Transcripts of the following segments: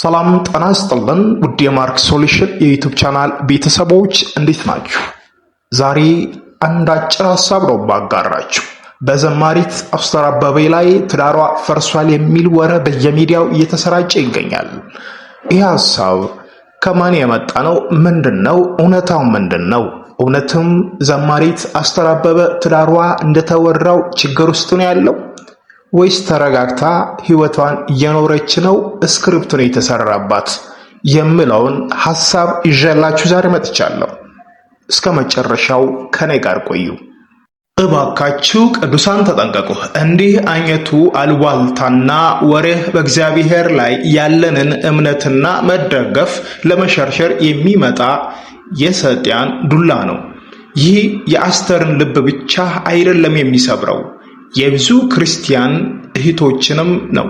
ሰላም ጠና ስጥልን። ውድ የማርክ ሶሉሽን የዩቱብ ቻናል ቤተሰቦች እንዴት ናችሁ? ዛሬ አንድ አጭር ሀሳብ ነው ባጋራችሁ። በዘማሪት አስቴር ላይ ትዳሯ ፈርሷል የሚል ወረ በየሚዲያው እየተሰራጨ ይገኛል። ይህ ሀሳብ ከማን የመጣ ነው? ምንድን ነው? እውነታው ምንድን ነው? እውነትም ዘማሪት አስቴር አበበ ትዳሯ እንደተወራው ችግር ውስጥ ነው ያለው? ወይስ ተረጋግታ ሕይወቷን እየኖረች ነው እስክሪፕቱን የተሰራባት የምለውን ሐሳብ ይዤላችሁ ዛሬ መጥቻለሁ። እስከ መጨረሻው ከኔ ጋር ቆዩ። እባካችሁ ቅዱሳን ተጠንቀቁ። እንዲህ አይነቱ አልቧልታና ወሬህ በእግዚአብሔር ላይ ያለንን እምነትና መደገፍ ለመሸርሸር የሚመጣ የሰይጣን ዱላ ነው። ይህ የአስተርን ልብ ብቻ አይደለም የሚሰብረው የብዙ ክርስቲያን እህቶችንም ነው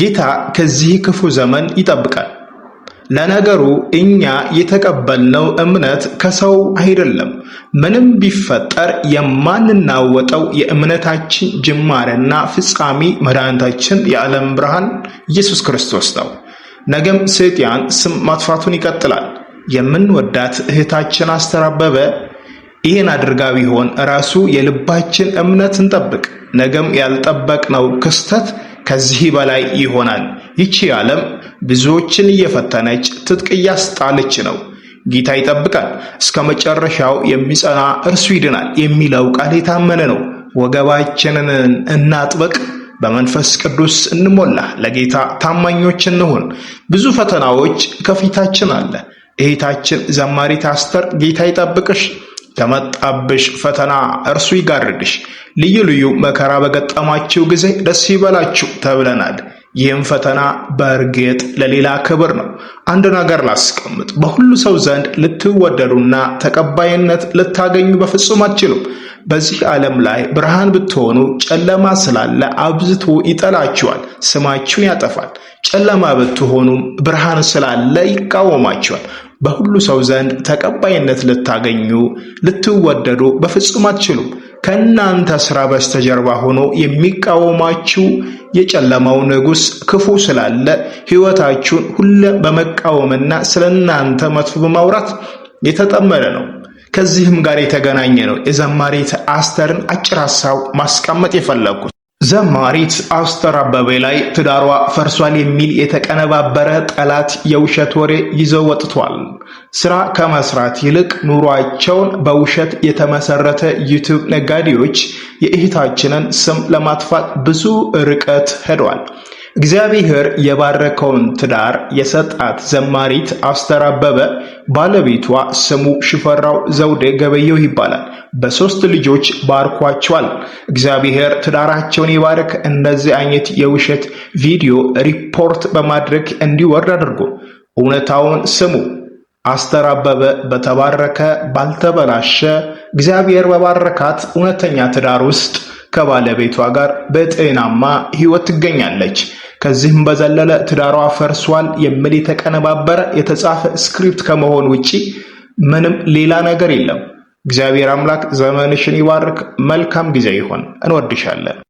ጌታ ከዚህ ክፉ ዘመን ይጠብቃል። ለነገሩ እኛ የተቀበልነው እምነት ከሰው አይደለም። ምንም ቢፈጠር የማንናወጠው የእምነታችን ጅማሬና ፍጻሜ መድኃኒታችን የዓለም ብርሃን ኢየሱስ ክርስቶስ ነው። ነገም ሰይጣን ስም ማጥፋቱን ይቀጥላል። የምንወዳት እህታችን አስተራበበ! ይህን አድርጋ ቢሆን ራሱ የልባችን እምነት እንጠብቅ። ነገም ያልጠበቅነው ክስተት ከዚህ በላይ ይሆናል። ይቺ ዓለም ብዙዎችን እየፈተነች ትጥቅ እያስጣለች ነው። ጌታ ይጠብቃል፣ እስከ መጨረሻው የሚጸና እርሱ ይድናል የሚለው ቃል የታመነ ነው። ወገባችንን እናጥበቅ፣ በመንፈስ ቅዱስ እንሞላ፣ ለጌታ ታማኞች እንሁን። ብዙ ፈተናዎች ከፊታችን አለ። እህታችን ዘማሪት አስተር ጌታ ይጠብቅሽ ከመጣብሽ ፈተና እርሱ ይጋርድሽ፣ ልዩ ልዩ መከራ በገጠማችሁ ጊዜ ደስ ይበላችሁ ተብለናል። ይህም ፈተና በእርግጥ ለሌላ ክብር ነው። አንድ ነገር ላስቀምጥ። በሁሉ ሰው ዘንድ ልትወደዱና ተቀባይነት ልታገኙ በፍጹም አትችሉም። በዚህ ዓለም ላይ ብርሃን ብትሆኑ ጨለማ ስላለ አብዝቶ ይጠላችኋል፣ ስማችሁን ያጠፋል። ጨለማ ብትሆኑም ብርሃን ስላለ ይቃወማችኋል፣ በሁሉ ሰው ዘንድ ተቀባይነት ልታገኙ ልትወደዱ በፍጹም አትችሉም። ከእናንተ ስራ በስተጀርባ ሆኖ የሚቃወማችሁ የጨለማው ንጉስ ክፉ ስላለ ህይወታችሁን ሁለ በመቃወምና ስለ እናንተ መጥፎ በማውራት የተጠመደ ነው። ከዚህም ጋር የተገናኘ ነው የዘማሪት አስተርን አጭር ሀሳብ ማስቀመጥ የፈለግኩት። ዘማሪት አስተር አበቤ ላይ ትዳሯ ፈርሷል የሚል የተቀነባበረ ጠላት የውሸት ወሬ ይዘው ወጥቷል። ስራ ከመስራት ይልቅ ኑሯቸውን በውሸት የተመሰረተ ዩቲዩብ ነጋዴዎች የእህታችንን ስም ለማጥፋት ብዙ ርቀት ሄዷል። እግዚአብሔር የባረከውን ትዳር የሰጣት ዘማሪት አስተር አበበ ባለቤቷ ስሙ ሽፈራው ዘውዴ ገበየሁ ይባላል። በሶስት ልጆች ባርኳቸዋል። እግዚአብሔር ትዳራቸውን ይባርክ። እንደዚህ አይነት የውሸት ቪዲዮ ሪፖርት በማድረግ እንዲወርድ አድርጎ እውነታውን ስሙ። አስተር አበበ በተባረከ ባልተበላሸ እግዚአብሔር በባረካት እውነተኛ ትዳር ውስጥ ከባለቤቷ ጋር በጤናማ ሕይወት ትገኛለች። ከዚህም በዘለለ ትዳሯ ፈርሷል የሚል የተቀነባበረ የተጻፈ ስክሪፕት ከመሆን ውጪ ምንም ሌላ ነገር የለም። እግዚአብሔር አምላክ ዘመንሽን ይባርክ። መልካም ጊዜ ይሆን። እንወድሻለን።